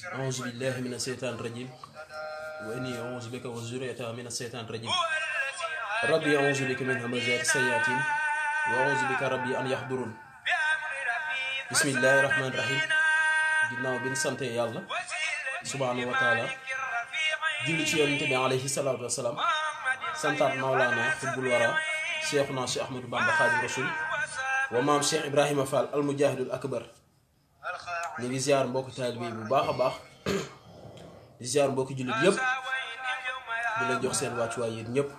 أعوذ بالله من الشيطان الرجيم وإني أعوذ بك وزريتها من الشيطان الرجيم ربي أعوذ بك من همزات السيئات وأعوذ بك ربي أن يحضرون بسم الله الرحمن الرحيم جنا بن سنت يا الله سبحانه وتعالى جل شيئا تبع عليه الصلاة والسلام سنت مولانا في الوراء شيخنا شيخ أحمد بن بخاري الرسول ومام شيخ إبراهيم فال المجاهد الأكبر ñu ngi ziar mbokku taalibe bu baax a baax di ziar mbokku jullit yëpp di leen jox seen wàccuwaay yéen ñëpp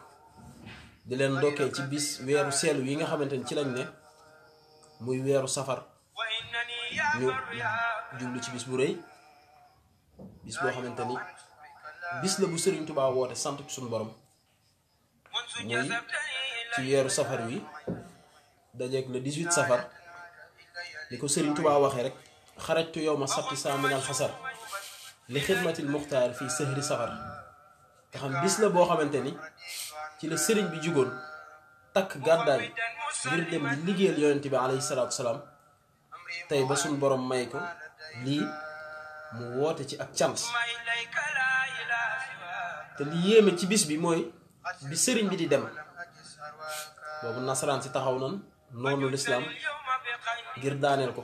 di leen ndokkee ci bis weeru seelu yi nga xamante ni ci lañ ne muy weeru safar ñu jublu ci bis bu rëy bis boo xamante ni bis la bu Sëriñ Tuubaa woote sant suñu borom muy ci weeru safar wi dajeeg le 18 safar li ko Sëriñ Tuubaa waxee rek. خرجت يوم السبت من الخسر لخدمة المختار في سهر صغر تخم بس لا بوخا منتني تي لا سيرن بي جيغون تاك غاداي غير ديم ليغيال يونتي عليه الصلاه والسلام تاي با سون بروم مايكو لي مو ووتي تي اك تشامس تي لي يمي تي بيس بي موي بي سيرن بي دي ديم بوبو نصران سي تاخاو نون نونو الاسلام غير دانيل كو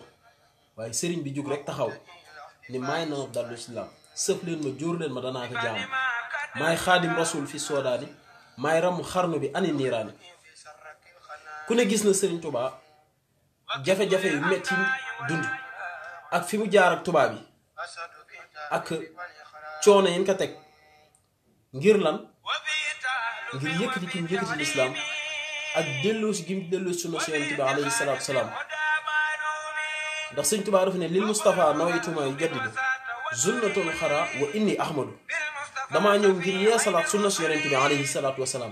waaye serigne bi djuk rek taxaw ni may na ma dallu islam seuf len ma djour len ma dana ko jam may khadim rasul fi sodani may ram kharnu bi ani nirani ku ne gis na serigne Touba jafe-jafe yu metti dund ak fimu jaar ak touba bi ak coono yeen ka tek ngir lan ngir yekki ci mu ci islam ak delloosi gi mu delloosi sunna Yonent bi alayhi salatu wassalam ndax sëñ tubaa dafa ne lil Moustapha nawaytuma yu jaddidu sunnatul xara wa inni ahmadu damaa ñëw ngir yeesalaat sunna si yonent bi alayhi salaatu wasalaam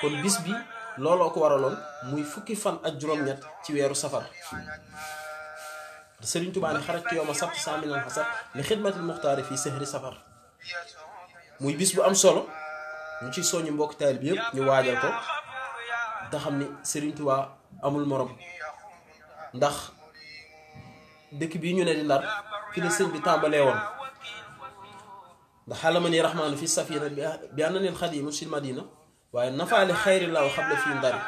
kon bis bi looloo ko waraloon muy fukki fan ak juróom-ñett ci weeru safar sëriñ tubaa ne xaraj ci yow ma sabt cent mille xasar li xidmatil muxtaari fii sëhri safar muy bis bu am solo ñu ci soññu mbokk taal bi yëpp ñu waajal ko te xam ni sëriñ tubaa amul morom ndax dëkk bi ñu ne di Ndar fi ne sëñ bi tàmbalee woon ndax xalama ni rahman fi safina bi ànd nil xadimu sil madina waaye nafaali xayri laaw xabla fi ndari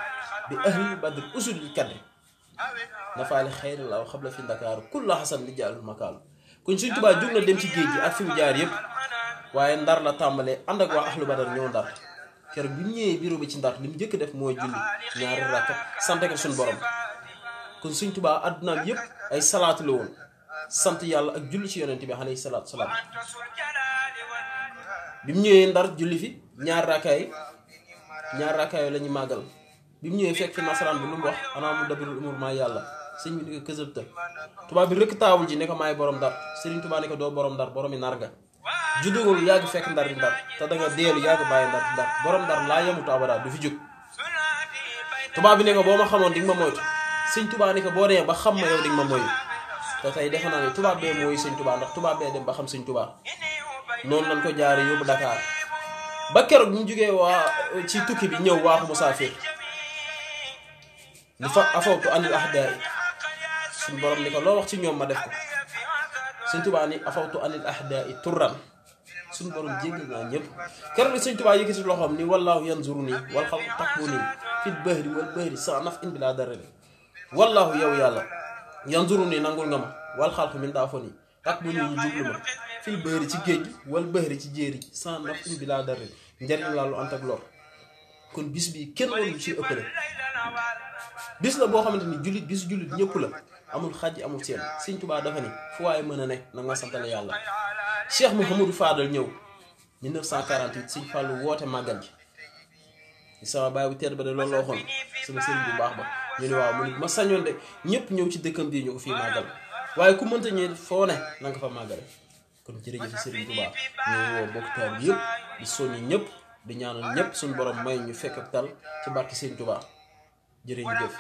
bi ahli badr usul kadri nafaali xayri laaw xabla fi ndakaaru kulla hasan li jaalul makaalu kuñ suñ tubaa jug na dem ci géej gi ak fi mu jaar yëpp waaye ndar la tàmbalee ànd ak waa ahlu badar ñoo ndar kër bi mu ñëwee bureau bi ci ndar li mu njëkk def mooy julli ñaari rakka sante ko suñu borom kon sëñ tubaa addunaam yëpp ay salaat la woon sant yàlla ak julli ci yonent bi alayhi salaatu salaam bi mu ñëwee ndar julli fi ñaar raakaay ñaar raakaay la ñu màggal bi mu ñëwee fekk fi nasaraan bi lu mu wax anaa mu dabirul umur maa yàlla suñ bi ni ko kësëbta tubaab bi rëkk taawul ji ne ko maay borom ndar sëriñ tubaa ne ko doo borom ndar boromi narga fekk ndar ndar te da nga deelu yàgg bàyyi ndar ndar borom ndar laa yemutu abada du fi jóg tubaab bi ne ko boo ma xamoon di nga ma moytu Sintuba tubaa ni ko boo demee ba xam ma yow ding ma moy te tay defana ni ne be moy mooy sëñ ndax tubaab be dem ba xam sëñ tubaa non lan ko jaar yóbbu Dakar ba kero ñu joge wa ci tukki bi ñëw waaxu musafir ni fa afawtu anil ahdaay suñ borom ni ko lo wax ci ñom ma def ko ni afawtu anil ahdaay turran sun borom jéggal naa ñep kero ni seigne touba loxom ni wallahu yanzuruni wal xalqu taquni fi al bahri wal bahri sa'naf in bila wallahu yow yàlla yanzuru ni nangul nga ma wal xalq min daa foni ak mu ñu jublu ma fil bëri ci géej gi wal bëri ci jéeri sans naf um bi laa dara njariñ laa lu ant ak lor kon bis bi kenn warul ci ëppale bis la boo xamante ni jullit bis jullit ñëpp la amul xaj amul seen sëñ Tuubaa dafa ni fu waaye mën a ne na nga santale yàlla Cheikh Mouhamadou Fadal ñëw 1948 sëñ Fallou woote màggal ji sama baay bu tedd ba de loolu la waxoon sama sëriñ bu baax ba ñu ne waaw ma ne ma sañoon de ñëpp ñëw ci dëkkam bii ñu ko fii màggal waaye ku mënta ñëw foo ne na nga fa màggale kon jërëjëf Serigne Touba ñu woo mbokk taal bi yëpp di soññi ñëpp di ñaanal ñëpp suñu borom may ñu fekk ak tal ci barke Serigne Touba jërëjëf.